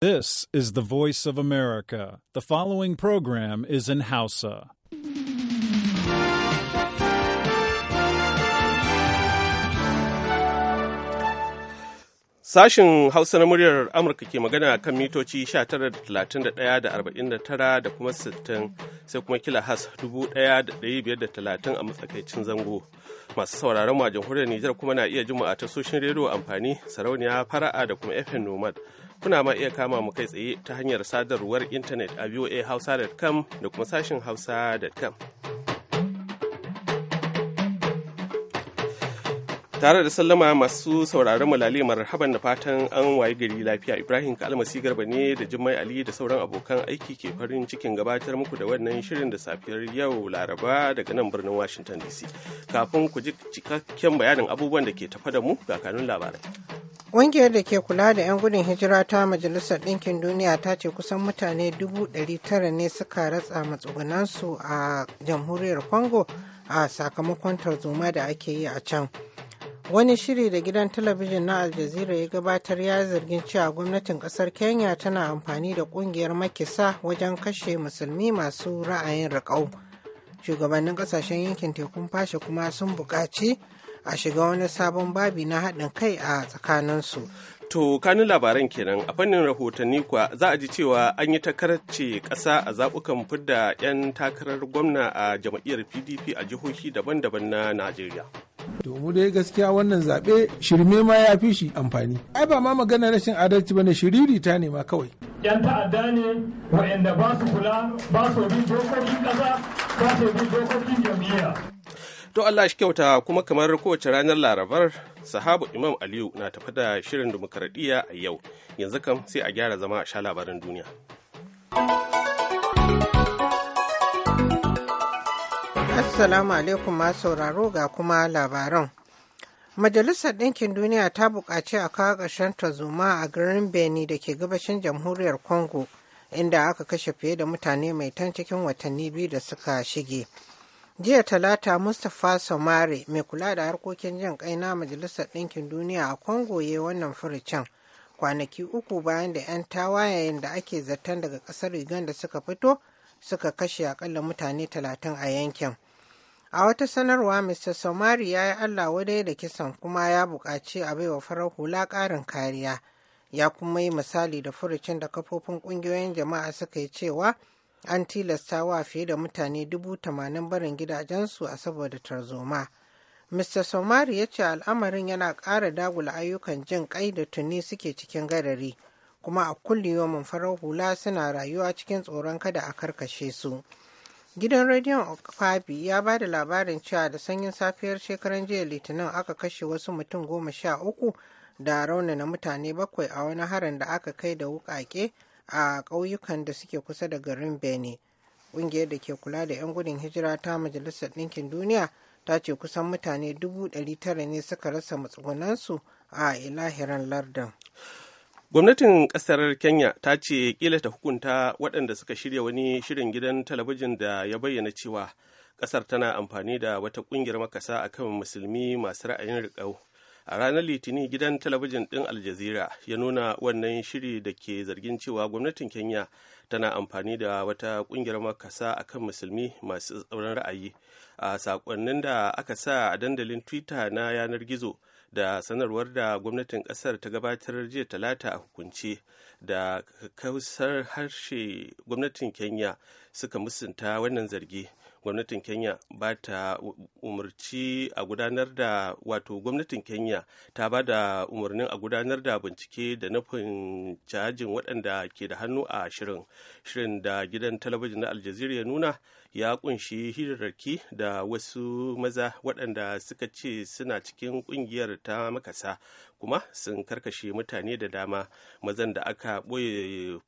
This is the voice of America. The following program is in Hausa. Sashen Hausa na muryar Amurka ke magana kan mitoci 19,31,49 da kuma 60 sai kuma kila has 1,530 a matsakaicin zango. Masu sauraron mu a jamhuriyar Nijar kuma na iya jimu a tasoshin rediyo amfani sarauniya fara'a da kuma FM Nomad. kuna ma iya kama mu kai tsaye ta hanyar sadarwar intanet a voahausa.com da kuma sashin hausa.com. tare da sallama masu sauraron malali marhaban da fatan an wayi gari lafiya ibrahim kalmasi garba ne da jummai ali da sauran abokan aiki ke farin cikin gabatar muku da wannan shirin da safiyar yau laraba daga nan birnin washington dc kafin ku ji cikakken bayanin abubuwan da ke tafa da mu ga labarai Ƙungiyar da ke kula da 'yan gudun hijira ta Majalisar Ɗinkin Duniya ta ce kusan mutane 900 ne suka ratsa matsugunansu a jamhuriyar Congo a sakamakon tarzoma da ake yi a can. Wani shiri da gidan talabijin na Al ya gabatar ya zargin cewa gwamnatin ƙasar Kenya tana amfani da ƙungiyar makisa wajen kashe musulmi masu ra'ayin riƙau. Shugabannin ƙasashen yankin tekun fashe kuma sun buƙaci a shiga wani sabon babi na haɗin kai a tsakaninsu. To kanin labaran kenan a fannin rahotanni kuwa za a ji cewa an yi takarce ƙasa a zaɓukan fidda 'yan takarar gwamna a jam'iyyar PDP a jihohi daban-daban na Najeriya. To mu dai gaskiya wannan zaɓe shirme ma ya fi shi amfani. Ai ba ma magana rashin adalci bane shiriri ta ne ma kawai. 'Yan ta'adda ne wa'anda ba su kula ba su bi dokokin ƙasa ba su bi dokokin jam'iyya. To Allah shi kyauta kuma kamar kowace ranar Larabar, sahabu Imam Aliyu na tafi da shirin dimokuraɗiyya a yau. Yanzu kam sai a gyara zama a sha labarin duniya. Assalamu alaikum ma sauraro ga kuma labaran. Majalisar Ɗinkin Duniya ta buƙaci a kawo ƙarshen tazuma a garin Beni da ke gabashin jamhuriyar Congo, inda aka kashe fiye da mutane mai tan cikin watanni biyu da suka shige. jiya talata mustapha somare mai kula da harkokin jin kai na majalisar ɗinkin duniya a congo ya wannan furucin kwanaki uku bayan da 'yan tawayen da ake zaton daga ƙasar uganda suka fito suka kashe akalla mutane talatin a yankin a wata sanarwa mr somari ya yi allah wadai da kisan kuma ya buƙaci a baiwa farar hula ƙarin kariya ya kuma yi misali da furucin da kafofin ƙungiyoyin jama'a suka yi cewa an tilasta wa fiye da mutane dubu tamanin barin gidajensu a saboda tarzoma. Mr. Somari ya ce al'amarin yana ƙara dagula ayyukan jin ƙai da tuni suke cikin gadari, kuma a kulliyomin farar hula suna rayuwa cikin tsoron kada a karkashe su. Gidan rediyon Okafabi ya ba da labarin cewa da sanyin safiyar shekaran jiya Litinin aka kashe wasu mutum goma sha uku da raunana mutane bakwai a wani harin da aka kai da wuƙaƙe a ƙauyukan da suke kusa da garin benin ƙungiyar da ke kula da 'yan gudun hijira ta majalisar ɗinkin duniya ta ce kusan mutane dubu ɗari tara ne suka rasa matsugunansu a ilahiran lardin gwamnatin ƙasar kenya ta ce ƙila ta hukunta waɗanda suka shirya wani shirin gidan talabijin da ya bayyana cewa ƙasar tana amfani da wata ƙungiyar makasa akan musulmi masu ra'ayin riƙau a ranar litinin gidan talabijin ɗin aljazira ya nuna wannan shiri da ke zargin cewa gwamnatin kenya tana amfani da wata ƙungiyar makasa a kan musulmi masu tsauran ra'ayi a saƙonnin da aka sa a dandalin twitter na yanar gizo da sanarwar da gwamnatin ƙasar ta gabatar jiya talata a hukunce da kausar harshe gwamnatin kenya suka musunta wannan zargi gwamnatin kenya ba ta umarci a gudanar da wato gwamnatin kenya ta ba da umarnin a gudanar da bincike da nufin cajin waɗanda ke da hannu a shirin shirin da gidan talabijin na aljazeera ya nuna ya kunshi hirarraki da wasu maza waɗanda suka ce suna cikin ƙungiyar ta makasa kuma sun karkashe mutane da dama mazan da aka ɓoye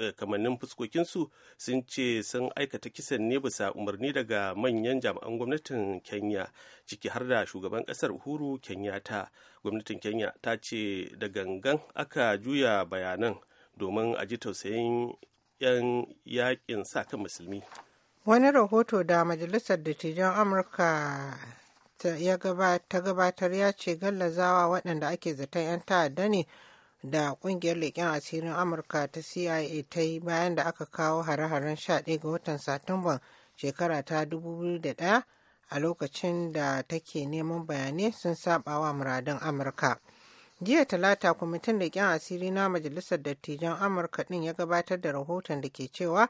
eh, kamannin fuskokinsu sun ce sun aikata kisan ne bisa umarni daga manyan jami'an gwamnatin kenya ciki har da shugaban ƙasar uhuru kenyatta gwamnatin kenya ta ce da gangan aka juya bayanan domin a ji tausayin 'yan yakin sa kan musulmi Wani rahoto da Majalisar Dattijan Amurka ta gabatar ya ce gallazawa waɗanda ake zaton 'yan ta'adda ne da ƙungiyar leƙen asirin Amurka ta CIA ta yi bayan da aka kawo hare-haren 11 ga watan Satumban shekara ta 2001 a lokacin da take neman bayanai sun saba wa muradin Amurka. jiya talata kwamitin leƙen asiri na majalisar dattijan amurka ɗin ya gabatar da rahoton da ke cewa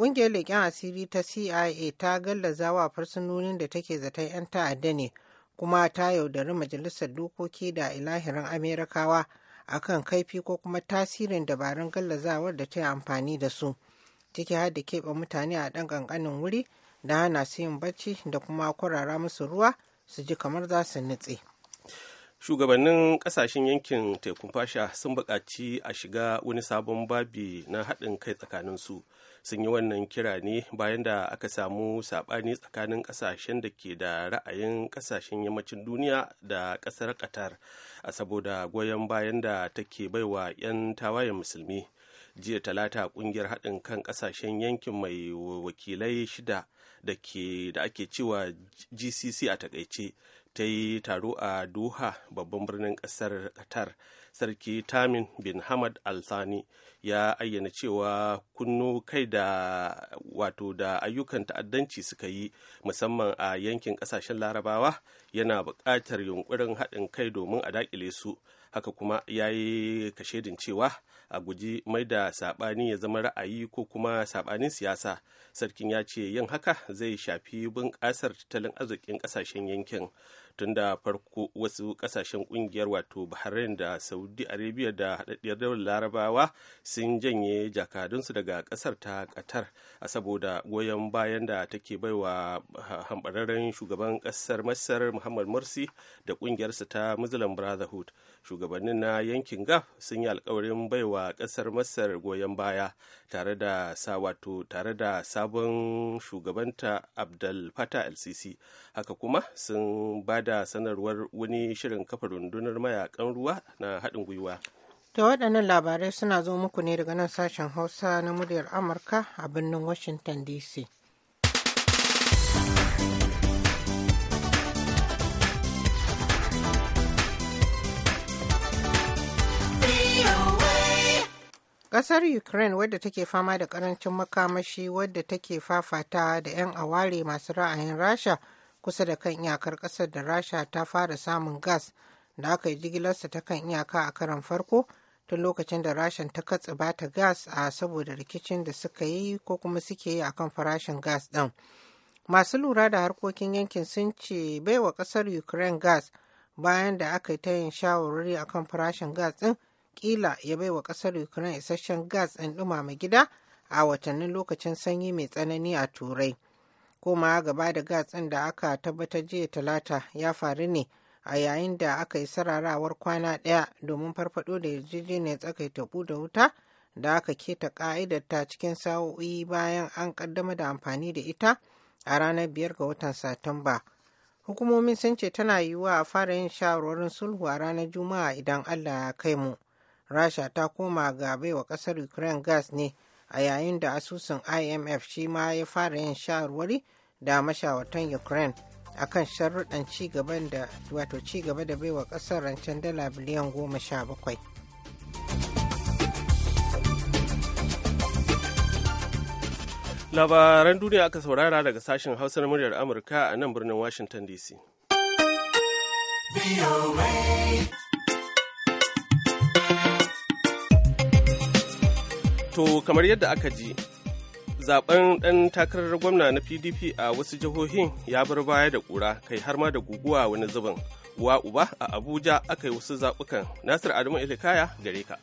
Ƙungiyar leƙen asiri ta CIA ta gallaza wa fursunonin da take zaton 'yan ta'adda ne kuma ta yaudari majalisar dokoki da ilahirin Amerikawa a kan kaifi ko kuma tasirin dabarun gallazawar da ta yi amfani da su. Ciki har da keɓe mutane a ɗan ƙanƙanin wuri da hana su yin bacci da kuma kwarara musu ruwa su ji kamar za su nutse. shugabannin ƙasashen yankin tekun fasha sun buƙaci a shiga wani sabon babi na haɗin kai tsakaninsu sun yi wannan kira ne bayan da aka samu saɓani tsakanin ƙasashen da ke da ra'ayin ƙasashen yammacin duniya da ƙasar qatar a saboda goyon bayan da take baiwa 'yan tawayen musulmi jiya talata kungiyar haɗin kan ƙasashen yankin mai wakilai shida da ake cewa gcc a takaice ta yi taro a doha babban birnin ƙasar qatar sarki tamin bin hamad al-thani ya ayyana cewa kunnu kai da wato da ayyukan ta'addanci suka yi musamman a yankin kasashen larabawa yana buƙatar yunkurin haɗin kai domin a daƙile su haka kuma ya yi kashedin cewa a guji mai da saɓani ya zama ra'ayi ko kuma saɓanin siyasa sarkin ya ce yin haka zai shafi bunƙasar tattalin arzikin ƙasashen yankin tun da farko wasu kasashen kungiyar wato bahrain da saudi arabia da haɗaɗɗiyar daular larabawa sun janye jakadunsu daga ƙasar ta qatar a saboda goyon bayan da take baiwa hambararren shugaban ƙasar masar muhammad morsi da ƙungiyarsa ta muslim brotherhood shugabannin na yankin gaf sun yi alkawarin baiwa ƙasar masar goyon baya tare da sa wato tare da sabon shugabanta abdul LCC, lcc haka kuma sun ba da sanarwar wani shirin kafa rundunar mayakan ruwa na haɗin gwiwa. Da waɗannan labarai suna zo muku ne daga nan sashen Hausa na muryar Amurka a birnin Washington DC. Ƙasar Ukraine wadda take fama da ƙarancin makamashi wadda take fafata da 'yan aware masu ra'ayin Rasha. kusa da kan iyakar ƙasar da rasha ta fara samun gas da aka yi jigilarsa ta kan iyaka a karan farko tun lokacin da rashin ta katse bata gas a saboda rikicin da suka yi ko kuma suke yi akan farashin gas ɗin masu lura da harkokin yankin sun ce baiwa ƙasar ukraine gas bayan da aka yi ta yin shawarwari akan farashin gas ɗin kila ya baiwa ƙasar ukraine isasshen gas ɗin dumama gida a watannin lokacin sanyi mai tsanani a turai koma gaba da gatsin da aka tabbatar jiya talata ya faru ne a yayin da aka yi sararawar kwana ɗaya domin farfado da yarjejeniyar tsakaita da wuta da aka keta ka'idar ta cikin sa'o'i bayan an kaddama da amfani da ita a ranar biyar ga watan satumba hukumomin sun ce tana yiwuwa a fara yin shawarwarin sulhu a ranar juma'a idan allah ya kai mu rasha ta koma ga baiwa kasar ukraine gas ne a yayin da asusun imf shi ma ya fara yin shawarwari da mashawartan ukraine akan sharuɗan cigaban cigaba da baiwa ƙasar rancen dala biliyan goma sha bakwai labaran duniya aka saurara daga sashen hausar muryar amurka a nan birnin washington dc to kamar yadda aka ji zaben dan takarar gwamna na pdp a wasu jihohin ya bar baya da kura kai har ma da guguwa wani zubin wa uba a abuja aka yi wasu zabukan nasir adamu ilikaya gare ka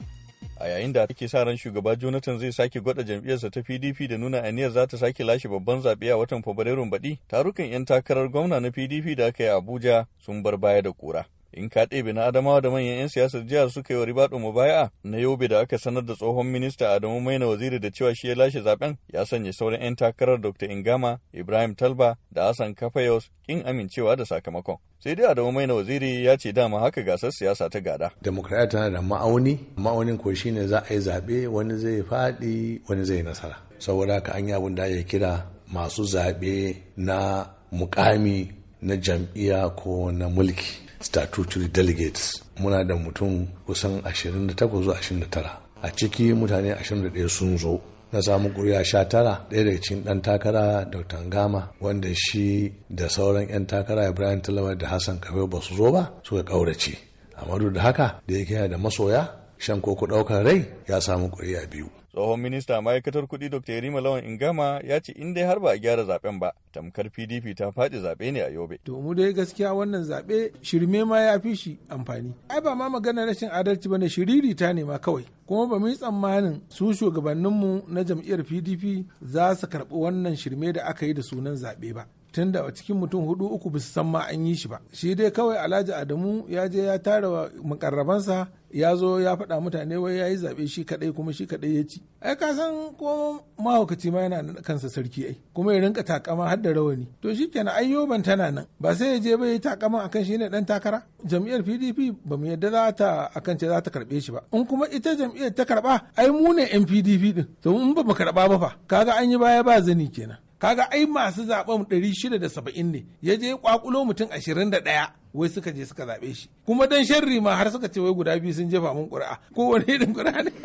a yayin da ake sa ran shugaba jonathan zai sake gwada jam'iyyarsa ta pdp da nuna aniyar za ta sake lashe babban zaɓe a watan fabrairun baɗi tarukan 'yan takarar gwamna na pdp da aka yi abuja sun bar baya da kura in ka ɗebe na adamawa da manyan 'yan siyasar jihar suka yi wa ribaɗo baya? na yobe da aka sanar da tsohon minista adamu mai na waziri da cewa shi ya lashe zaben ya sanya sauran 'yan takarar dr ingama ibrahim talba da hassan kafayos kin amincewa da sakamakon sai dai adamu mai na waziri ya ce dama haka gasar siyasa ta gada demokradiya tana da ma'auni ma'aunin ko shine za a yi zaɓe wani zai faɗi wani zai nasara saboda haka an yi abin da ya kira masu zaɓe na mukami na jam'iyya ko na mulki statutory delegates muna da mutum kusan 28 zuwa 29 a ciki mutane 21 sun zo na samu kuriya sha tara ɗaya daga cikin ɗan takara dr Tangama wanda shi da sauran 'yan takara ibrahim talawa da hassan kafe ba su zo ba suka ƙauraci. amma da haka da yake da masoya shan koko ɗaukar rai ya samu kuri'a biyu tsohon minista ma'aikatar kuɗi dr yarima lawan ingama ya ce in dai har ba a gyara zaben ba tamkar pdp ta faɗi zaɓe ne a yobe to mu dai gaskiya wannan zaɓe shirme ma ya fi shi amfani ai ba ma magana rashin adalci bane shiriri ta ne ma kawai kuma ba mu yi tsammanin su shugabanninmu na jam'iyyar pdp za su karɓi wannan shirme da aka yi da sunan zaɓe ba tun da cikin mutum hudu uku ba san ma an yi shi ba shi dai kawai alhaji adamu ya je ya tara makarrabansa ya zo ya faɗa mutane wai ya yi zaɓe shi kaɗai kuma shi kaɗai ya ci ai ka san ko mahaukaci ma yana da kansa sarki ai kuma ya rinka takama har da rawani to shi kenan yoban tana nan ba sai ya je ba yi takama akan shi ne dan takara jam'iyyar pdp ba mu yadda za ta akan ce za ta karɓe shi ba in kuma ita jam'iyyar ta karɓa ai mu ne yan pdp ɗin to in ba mu karɓa ba fa kaga an yi baya ba zani kenan kaga ai masu zaben 670 ne ya je kwakulo mutum ashirin ɗaya wai suka je suka zaɓe shi kuma dan sharri ma har suka ce wai guda biyu sun jefa mun ƙuri'a ko wani irin ƙuri'a ne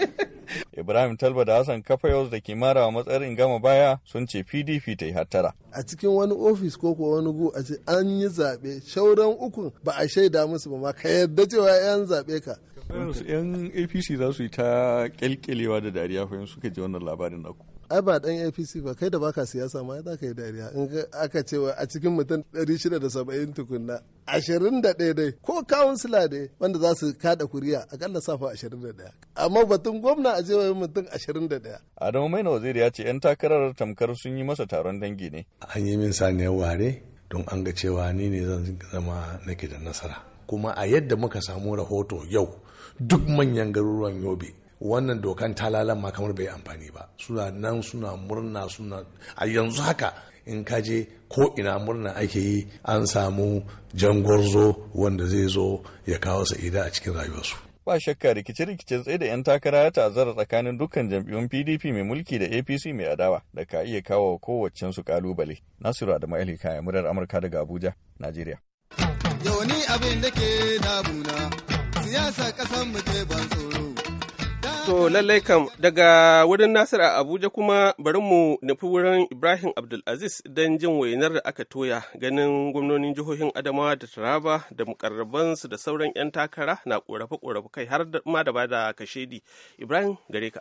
Ibrahim Talba da Hassan Kafayos da ke marawa in gama baya sun ce PDP ta yi hattara. A cikin wani ofis ko ko wani gu a ce an yi zaɓe shauran ukun ba a shaida musu ba ma ka yarda cewa 'yan zaɓe ka. Yan APC za su yi ta kyalkyalewa da dariya fahim suka ji wannan labarin naku. ai ba dan apc ba kai da baka siyasa ma za ka yi dariya in aka ce a cikin mutum 670 tukunna 21 dai ko kawunsila ne wanda za su kada kuriya akalla safa 21 amma batun gwamna a jewayin mutum 21 adamu maina waziri ya ce 'yan takarar tamkar sun yi masa taron dangi ne an yi min saniyar ware don an ga cewa ni ne zan zama nake da nasara kuma a yadda muka samu rahoto yau duk manyan garuruwan yobe wannan dokan talalan ma kamar bai amfani ba suna nan suna murna suna a yanzu haka in ka je ko ina murna ake yi an samu jangorzo wanda zai zo ya kawo sa'ida a cikin rayuwarsu ba shakka rikice rikice tsaye da 'yan takara ya ta'azzara tsakanin dukkan jam'iyyun pdp mai mulki da apc mai adawa da ka iya kawo kowaccen su kalubale nasiru adamu ali kaya murar amurka daga abuja najeriya yau ni abin da ke damuna siyasa kasan mu ke ban tsoro To lallai kam daga wurin Nasir a Abuja kuma bari mu nufi wurin Ibrahim Abdulaziz don jin wainar da aka toya ganin gwamnonin jihohin Adamawa da Taraba da mukarrabansu da sauran 'yan takara na korafe-korafe kai har ma da bada kashedi. Ibrahim gare ka.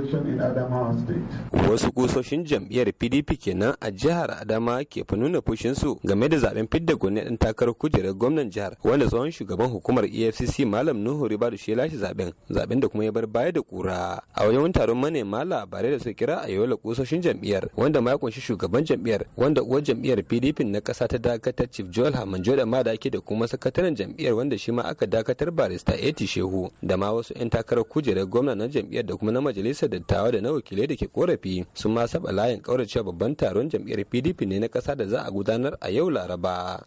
election in Adamawa State. Wasu kusoshin jam'iyyar PDP kenan a jihar Adama ke fa nuna su game da zaben fidda gwani ɗan takarar kujerar gwamnan jihar wanda tsohon shugaban hukumar EFCC Malam Nuhu Ribadu shi lashe zaben zaben da kuma ya bar baya da kura. A wajen taron manema labarai da suka kira a yola kusoshin jam'iyyar wanda ma ya kunshi shugaban jam'iyyar wanda uwar jam'iyyar PDP na kasa ta dakatar Chief Joel Hamanjo da ake da kuma sakataren jam'iyyar wanda shi ma aka dakatar barista Eti Shehu da ma wasu 'yan takarar kujerar gwamna na jam'iyyar da kuma na majalisar dattawa da na wakilai da ke korafi sun ma saba layin kauracewa babban taron jam'iyyar pdp ne na kasa da za a gudanar a yau laraba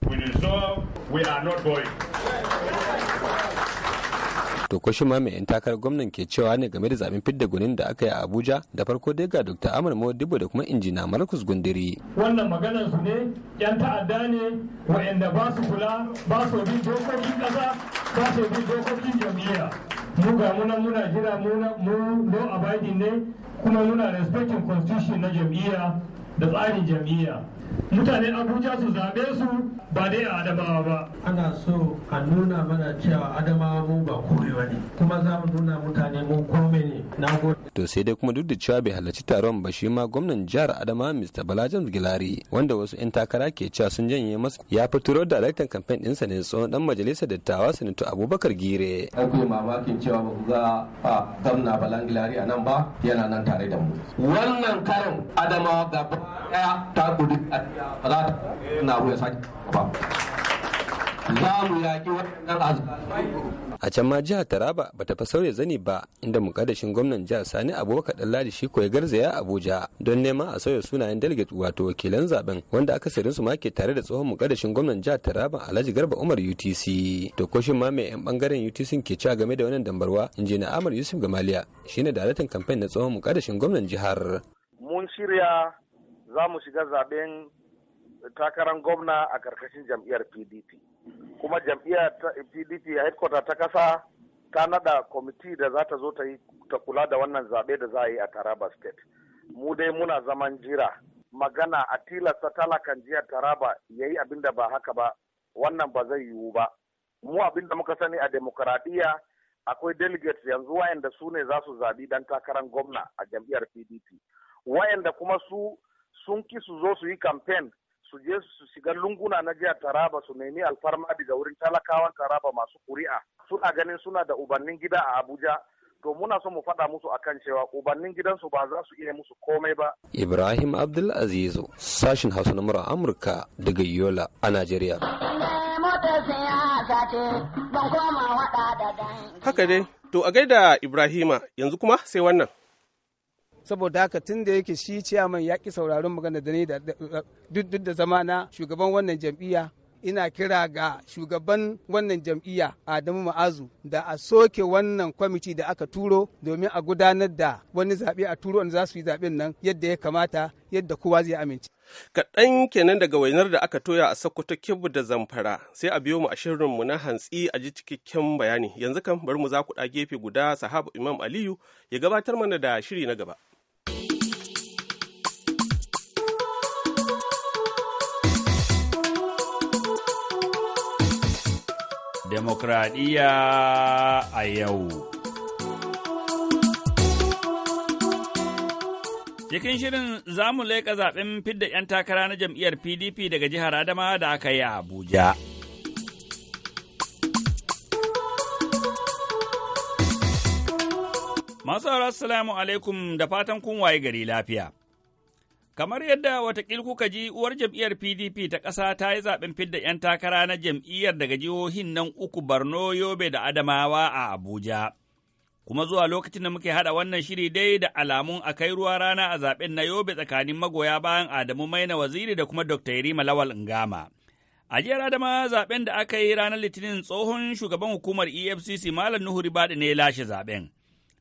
to ko shi ma mai yan takarar gwamnan ke cewa ne game da zaben fidda gunin da aka yi a Abuja da farko dai ga Dr. Amar Modibo da kuma injina Markus Gundiri wannan maganar su ne yan ta'adda ne wa'anda ba su kula ba su bin dokokin kasa ba su bin dokokin jam'iyya mu ga muna muna jira mu law abiding ne kuma muna respecting constitution na jam'iyya da tsarin jam'iyya mutane abuja su zaɓe su ba dai a adamawa ba ana so a nuna mana cewa adamawa mu ba korewa ne kuma za mu nuna mutane mu kome ne na to sai dai kuma duk da cewa bai halarci taron ba shi ma gwamnan jihar adama mr balajan gilari wanda wasu 'yan takara ke cewa sun janye masa ya fituro da daraktan kamfen ɗinsa ne tsohon dan majalisar dattawa sanato abubakar gire an kuyi mamakin cewa ba ku ga gwamna balan gilari a nan ba yana nan tare da mu wannan karin adamawa gaba ɗaya ta gudu. A can ma jihar Taraba ba ta sauya zani ba inda mukaddashin gwamnan jihar Sani Abubakar dan shi ko ya garzaya Abuja don neman a sauya sunayen delegate wato wakilan zaben wanda aka sayarin su ma ke tare da tsohon mukaddashin gwamnan jihar Taraba Alhaji Garba Umar UTC. To ko ma mai yan bangaren UTC ke cewa game da wannan dambarwa injina Amar Yusuf Gamaliya shine daraktan kamfen na tsohon mukaddashin gwamnan jihar. Mun shirya za mu shiga zaben takarar gwamna a karkashin jam'iyyar pdp kuma jam'iyyar pdp a headquarter ta kasa ta nada kwamiti da za ta zo ta yi ta kula da wannan zaɓe da za a yi a taraba state mu dai muna zaman jira magana a tilasta talakan jihar taraba ya yi abin ba haka ba wannan ba zai yiwu ba mu abinda muka sani a demokaradiyya akwai delegates yanzu wayanda su ne za su zabi dan takarar gwamna a jam'iyyar pdp wayanda kuma su sun ki su zo su yi kamfen su je su shiga lunguna na jihar taraba su nemi alfarma daga wurin talakawan taraba masu kuri'a suna ganin suna da ubannin gida a abuja to muna so mu faɗa musu akan cewa ubannin gidansu ba za su iya musu komai ba ibrahim abdul azizu sashin hausa na mura amurka daga yola a najeriya haka dai to a gaida ibrahima yanzu kuma sai wannan saboda haka tun da yake shi ciyaman ya ki sauraron magana da ni duk da zama na shugaban wannan jam'iyya ina kira ga shugaban wannan jam'iyya Adamu Ma'azu da a soke wannan kwamiti da aka turo domin a gudanar da wani zaɓe a turo wanda za su yi zaɓen nan yadda ya kamata yadda kowa zai amince. Kaɗan kenan daga wainar da aka toya a Sokoto Kebbi da Zamfara sai a biyo mu a shirin mu na hantsi a ji cikakken bayani yanzu kan bari mu za ku ɗa gefe guda sahabu Imam Aliyu ya gabatar mana da shiri na gaba. demokradiyya a yau. Cikin shirin za mu leƙa zaɓen fidda 'yan takara na jam'iyyar PDP daga jihar Adama da aka yi a Abuja. Masu salamu alaikum da fatan kun waye gari lafiya. Kamar yadda watakila kuka ji uwar jam'iyyar PDP ta ƙasa ta yi zaɓen fidda 'yan takara na jam'iyyar daga jihohin nan uku Barno, Yobe da Adamawa a Abuja. Kuma zuwa lokacin da muke haɗa wannan shiri dai da alamun a kai ruwa rana a zaɓen na Yobe tsakanin magoya bayan Adamu Maina Waziri da kuma Dr. Yerima Lawal Ngama. A jiyar Adama zaɓen da aka yi ranar Litinin tsohon shugaban hukumar EFCC Malam Nuhu Ribadi ne ya lashe zaɓen.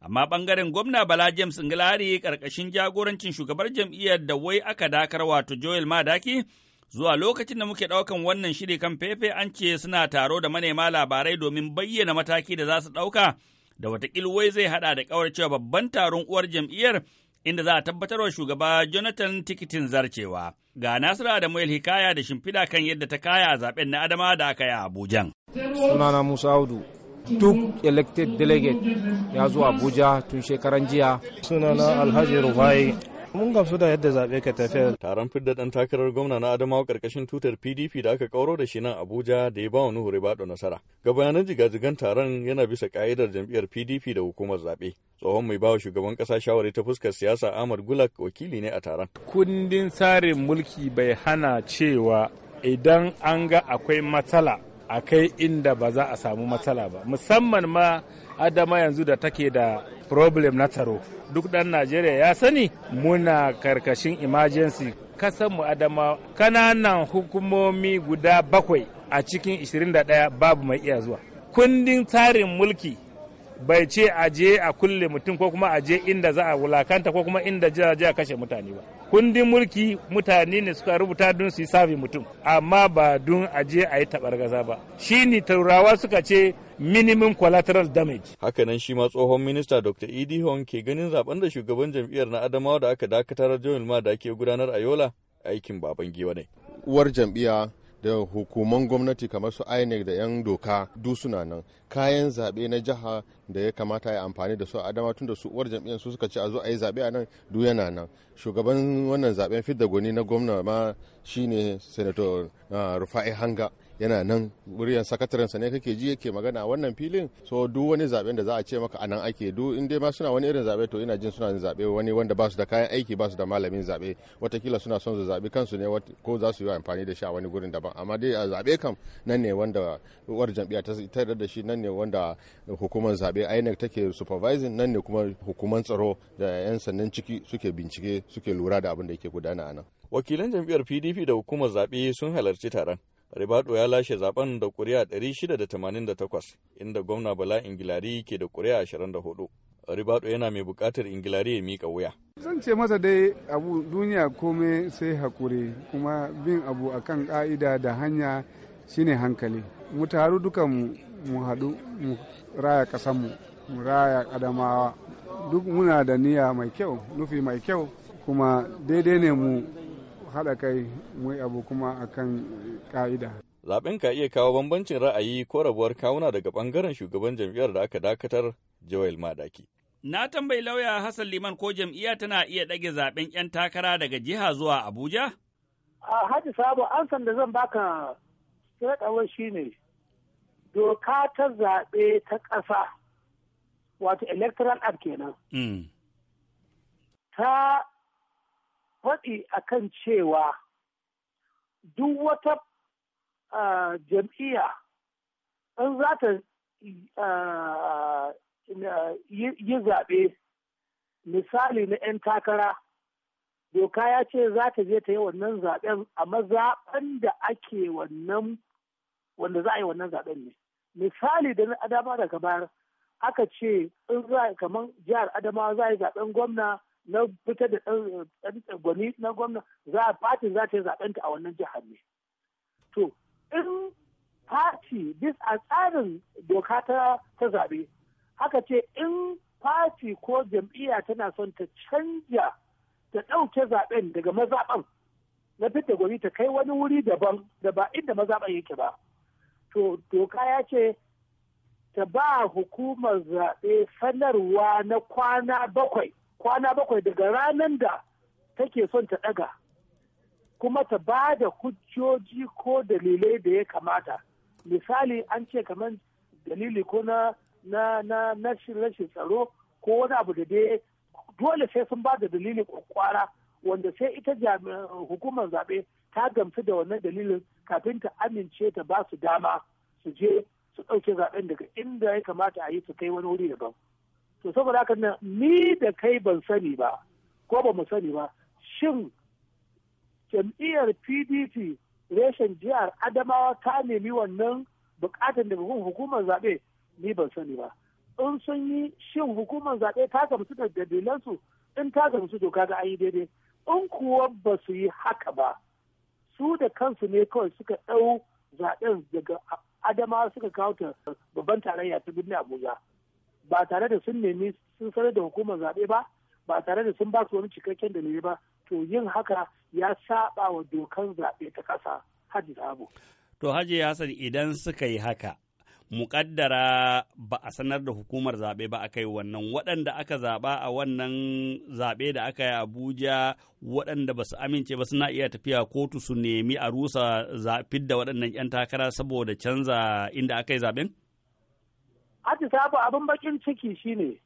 Amma ɓangaren gwamna Bala James Ngilari ƙarƙashin jagorancin shugabar jam'iyyar da wai aka dakar wato Joel Madaki zuwa lokacin da muke ɗaukan wannan shiri kan fefe an ce suna taro da manema labarai domin bayyana mataki da za su ɗauka da watakil wai zai haɗa da cewa babban taron uwar jam'iyyar inda za a tabbatar wa shugaba Jonathan tikitin zarcewa. Ga Nasiru Adamuel Hikaya da shimfiɗa kan yadda ta kaya a zaɓen na Adama da aka yi a Abuja. Sunana Musa Audu duk elected delegate ya zo abuja tun shekaran jiya sunana alhaji rufai mun gamsu da yadda zaɓe ka tafiya. Taron fidda ɗan takarar gwamna na Adamawa ƙarƙashin tutar PDP da aka kauro da shi nan Abuja da ya ba wa Nuhu Ribado nasara. Ga bayanan jigajigan taron yana bisa ƙa'idar jam'iyyar PDP da hukumar zaɓe. Tsohon mai bawa shugaban ƙasa shawari ta fuskar siyasa Ahmad Gulak wakili ne a taron. Kundin tsarin mulki bai hana cewa idan an ga akwai matsala a kai inda ba za a samu matsala ba musamman ma adama yanzu da take da problem na tsaro duk dan najeriya ya sani muna karkashin emergency mu adama kananan hukumomi guda bakwai a cikin 21 babu mai iya zuwa kundin tsarin mulki bai ce a je a kulle mutum ko kuma a je inda za a wulakanta ko kuma inda za a kashe mutane ba kundin mulki mutane ne suka rubuta don su yi mutum amma ba don a je a yi tabargaza ba shi ne taurawa suka ce minimum collateral damage hakanan shi ma tsohon minista dr idi hon ke ganin zaben da shugaban jam'iyyar na adamawa da aka dakatar da da ake gudanar a yola aikin baban ne uwar jam'iyya da hukuman gwamnati kamar su inec da 'yan doka duk suna nan kayan zaɓe na jiha da ya kamata ya amfani da su a adama tun da su uwar jam'iyyar su suka ce a zo a yi zaɓe a nan du yana nan shugaban wannan zaɓen fidda gwani na gwamna ma shine senator ah, rufai hanga yana nan muryar sakatarensa ne kake ji yake magana a wannan filin so duk wani zaben da za a ce maka anan ake du in dai ma suna wani irin zabe to ina jin suna zabe wani wanda ba su da kayan aiki ba su da malamin zabe watakila suna son su zabi kansu ne ko za su yi amfani da shi a wani gurin daban amma dai a zabe kam nan ne wanda uwar jam'iyya ta tarar da shi nan ne wanda hukumar zabe INEC take supervising nan ne kuma hukumar tsaro da 'yan sannan ciki suke bincike suke lura da abin da yake gudana a nan wakilan jam'iyyar pdp da hukumar zaɓe sun halarci taron Ribado ya lashe zaben da kuri'a 688 inda gwamna Bala Ingilari ke da kuri'a 24. Ribado yana mai bukatar Ingilari ya mika wuya. Zan ce masa dai abu duniya kome sai hakuri kuma bin abu akan ka'ida da hanya shine hankali. Mu taru duka mu haɗu mu raya ƙasanmu mu raya adamawa duk muna da niyya mai kyau nufi mai kyau kuma daidai ne mu haɗa kai mai abu kuma kan ka'ida. Zaben ka iya kawo bambancin ra'ayi ko rabuwar kawuna daga bangaren shugaban jam'iyyar da aka dakatar Joel Madaki. Na tambayi lauya Hassan Liman ko jam'iyya tana iya ɗage zaɓen 'yan takara daga jiha zuwa Abuja? A Haji Sabo, an san da zan baka tsakawar shi ne, doka ta zaɓe ta ƙasa, wato Electoral Act kenan. Mm. Ta faɗi kan cewa duk wata jam'iyya in za ta yi zaɓe misali na 'yan takara doka ya ce za ta je ta yi wannan zaɓen a mazaɓen da ake wannan wanda za a yi wannan zaɓen ne misali da na adama daga bayar aka ce in za kamar jihar adamawa za a yi zaɓen gwamna na fitar da gwani na gwamna za a fati za ta yi zaɓenta a wannan jihar ne. To, in fati bis a tsarin doka ta zaɓe, haka ce in fati ko jam'iyya tana son ta canja ta ɗauke zaɓen daga mazaɓen na fitar gwani ta kai wani wuri daban da ba inda mazaɓen yake ba. To, doka ya ce ta ba hukumar zaɓe sanarwa na kwana bakwai kwana bakwai daga ranar da take son ta daga kuma ta ba da hujjoji ko dalilai da ya kamata misali an ce kamar dalili ko na na rashin tsaro ko wani abu da dai dole sai sun ba da dalili kwakwara wanda sai ita hukumar zaɓe ta gamsu da wannan dalilin kafin ta amince ta ba su dama su je su ɗauke zaɓen daga inda ya kamata a yi su kai wani wuri daban. to saboda haka nan ni da kai ban sani ba ko ba mu sani ba shin jam'iyyar pdp reshen jihar adamawa ta nemi wannan bukatan daga hukumar zaɓe ni ban sani ba in sun yi shin hukumar zaɓe ta gamsu da dalilansu in ta gamsu to kaga an yi daidai in kuwa ba su yi haka ba su da kansu ne kawai suka ɗau zaɓen daga adamawa suka kawo ta babban tarayya ta birnin abuja ba tare da sun nemi sun sanar da hukumar zaɓe ba ba tare da sun ba su wani cikakken dalili ba to yin haka ya saba wa dokan zaɓe ta ƙasa haji abu. to haji hassan idan suka yi haka muƙaddara ba a sanar da hukumar zaɓe ba aka yi wannan waɗanda aka zaɓa a wannan zaɓe da aka yi abuja waɗanda ba su amince ba suna iya tafiya kotu su nemi a rusa fidda da waɗannan 'yan takara saboda canza inda aka yi zaɓen? sabu abin bakin ciki shine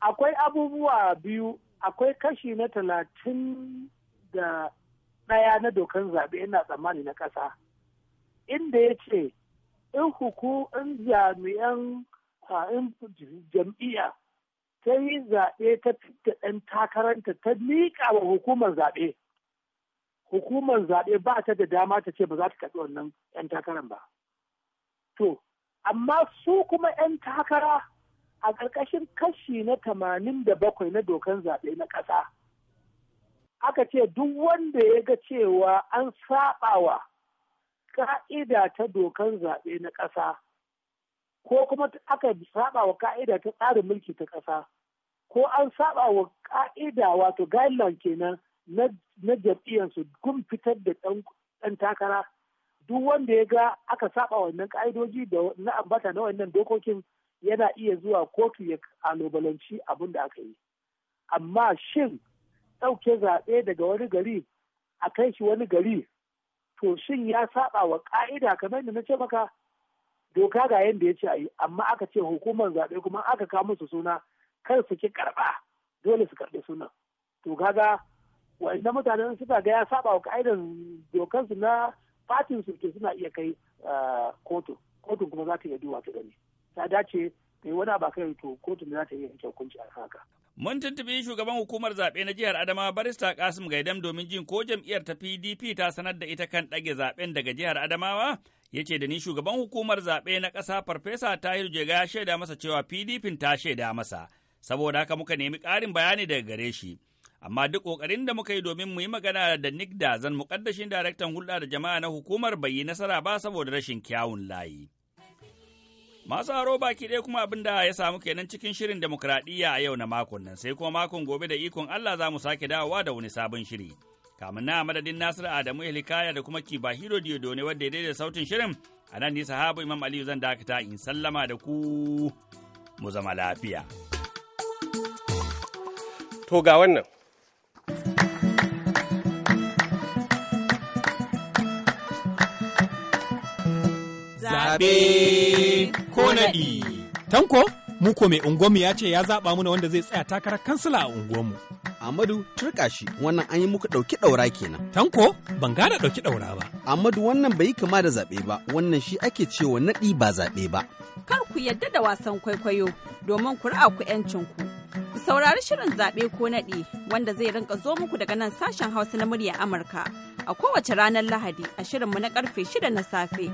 akwai abubuwa biyu akwai kashi na talatin da ɗaya na dokan zaɓe ina tsammani na ƙasa inda ya ce in huku in jami'an in jam'iyya ta yi zaɓe ta fita ɗan takaranta ta miƙa wa hukumar zaɓe hukumar zaɓe ba ta da dama ta ce ba za ta kaɗi wannan 'yan takaran ba to amma su kuma 'yan takara a ƙarƙashin kashi na tamanin da bakwai na dokan zaɓe na ƙasa aka ce duk wanda ya ga cewa an saɓawa ka'ida ta dokan zaɓe na ƙasa ko kuma aka saɓawa wa ka'ida ta tsarin mulki ta ƙasa ko an saɓa wa ka'ida wato guideline kenan na jam'iyyarsu gun fitar da ɗan takara duk wanda ya ga aka saba wannan ka'idoji da na ambata na wannan dokokin yana iya zuwa kotu ya kalubalanci abin da aka yi amma shin ɗauke zaɓe daga wani gari a kai shi wani gari to shin ya saba wa ka'ida kamar da na ce maka doka ga yadda ya ce a yi amma aka ce hukumar zaɓe kuma aka kawo su suna kar su ki karɓa dole su karɓi sunan to kaga wa'annan mutanen suka ga ya saba wa ka'idan dokansu na fatin su ke suna iya kai eh, kotu kotun kuma za ta iya duwa ta gani ta dace kai wani ba kai to kotun za ta iya yanke hukunci a haka Mun tuntubi shugaban hukumar zaɓe na jihar Adamawa barista Kasim Gaidam domin jin ko jam'iyyar ta PDP ta sanar da ita kan ɗage zaɓen daga jihar Adamawa ya ce da ni shugaban hukumar zaɓe na ƙasa farfesa Tahir Jega ya shaida masa cewa PDP ta shaida masa. Saboda haka muka nemi ƙarin bayani daga gare shi. amma duk ƙoƙarin da muka yi domin mu yi magana da Nick Dazan muƙaddashin daraktan hulɗa da jama'a na hukumar bai yi nasara ba saboda rashin kyawun layi. Masu haro baki ɗaya kuma abin da ya samu kenan cikin shirin demokradiyya a yau na makon nan sai kuma makon gobe da ikon Allah za mu sake dawowa da wani sabon shiri. Kamun na madadin Nasiru Adamu Ilikaya da kuma Kibahiro Diodone wadda ya daidaita sautin shirin a nan ne sahabu Imam Aliyu zan dakata in sallama da ku mu zama lafiya. To ga wannan. zaɓe ko naɗi. Tanko, mu ko mai unguwanmu ya ce ya zaɓa muna wanda zai tsaya takarar kansila a unguwanmu. Amadu turka shi wannan an yi muka ɗauki ɗaura kenan. Tanko ban gane ɗauki ɗaura ba. Amadu wannan bai yi kama da zaɓe ba wannan shi ake cewa naɗi ba zaɓe ba. Kar ku yadda da wasan kwaikwayo domin ku ra'a ku yancin Ku saurari shirin zaɓe ko naɗi wanda zai rinka zo muku daga nan sashen Hausa na murya Amurka a kowace ranar Lahadi a shirinmu na karfe shida na safe.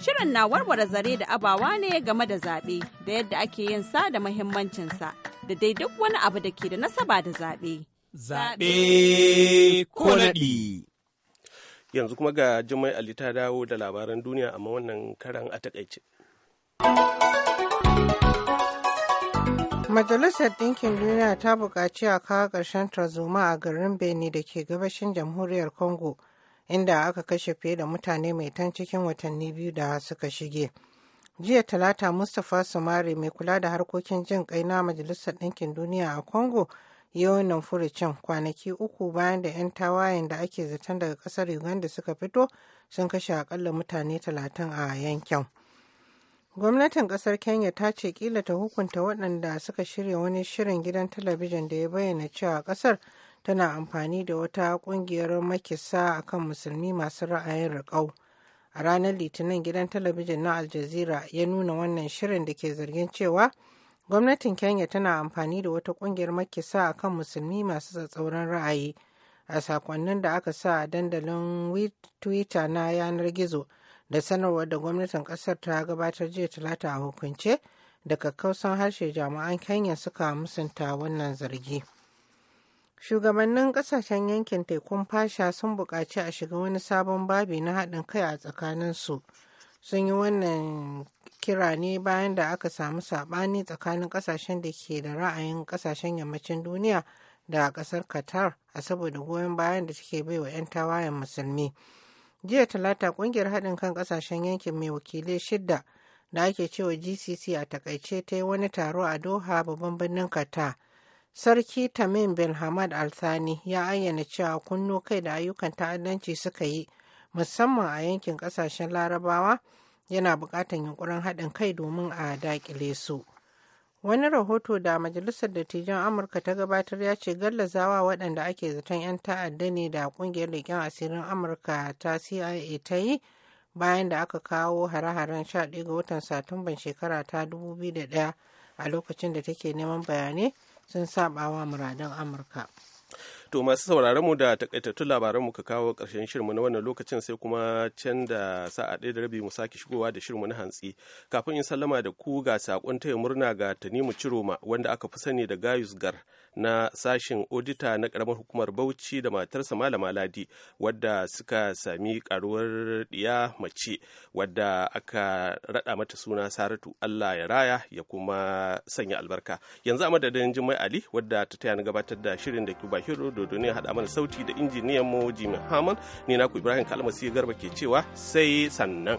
Shirin na warware zare da abawa ne game da zaɓe da yadda ake yin sa da muhimmancinsa da dai duk wani abu da ke da nasaba da zaɓe. Zaɓe ko naɗi. Yanzu kuma ga Jummai Ali ta dawo da labaran duniya amma wannan karan a takaice. Majalisar Ɗinkin Duniya ta buƙaci a kawo ƙarshen tarzoma a garin Benin da ke gabashin Jamhuriyar Congo. inda aka kashe fiye da mutane mai tan cikin watanni biyu da suka shige. Jiya Talata Mustapha Sumare mai kula da harkokin jin kai na Majalisar Ɗinkin Duniya a Congo ya wannan furucin kwanaki uku bayan da 'yan tawayen da ake zaton daga ƙasar Uganda suka fito sun kashe akalla mutane talatin a yankin. Gwamnatin ƙasar Kenya ta ce kila ta hukunta waɗanda suka shirya wani shirin gidan talabijin da ya bayyana cewa ƙasar tana amfani da wata kungiyar makisa akan musulmi masu ra'ayin riƙau a ranar litinin gidan talabijin na aljazira ya nuna wannan shirin da ke zargin cewa gwamnatin kenya tana amfani da wata kungiyar makisa akan musulmi masu tsatsauran ra'ayi a sakonnin da aka sa a dandalin twitter na yanar gizo da sanarwar da gwamnatin kasar ta gabatar jiya talata a hukunce da kakkausan harshe jami'an kenya suka musunta wannan zargi. Shugabannin kasashen yankin tekun fasha sun buƙaci a shiga wani sabon babi na haɗin kai a tsakaninsu. Sun yi wannan kira ne bayan da aka samu saɓani tsakanin kasashen da ke da ra'ayin kasashen yammacin duniya da ƙasar Qatar a saboda goyon bayan da take baiwa 'yan tawayen musulmi. Jiya Talata ƙungiyar haɗin kan ƙasashen yankin mai wakilai shidda da ake cewa GCC a takaice ta yi wani taro a Doha babban birnin Qatar. Sarki Tamim bin Hamad Al-Thani ya ayyana cewa kunno kai da ayyukan ta'addanci suka yi musamman a yankin ƙasashen Larabawa yana bukatan yunkurin haɗin kai domin a daƙile su. Wani rahoto da Majalisar Dattijan Amurka ta gabatar ya ce gallazawa waɗanda ake zaton 'yan ta'adda ne da ƙungiyar leƙen asirin Amurka ta CIA ta yi bayan da aka kawo hare-haren 11 ga watan Satumban shekara ta 2001 a lokacin da take neman bayanai sun sabawa muradan amurka To masu sauraron mu da takaitattun labaran mu ka kawo karshen shirmu na wannan lokacin sai kuma can da sa'a ɗaya da rabi mu sake shigowa da shirmu na hantsi. Kafin in sallama da ku ga saƙon taya murna ga Tanimu Ciroma wanda aka fi sani da Gayus Gar na sashen odita na karamar hukumar bauchi da matarsa malama ladi wadda suka sami karuwar diya mace wadda aka rada mata suna saratu allah ya raya ya kuma sanya albarka yanzu a madadin jimai ali wadda ta taya na gabatar da shirin da cuba hero dodo duniya haɗa mana sauti da injiniyan mu jimin haman ne ku ibrahim kalmasi garba ke cewa sai sannan.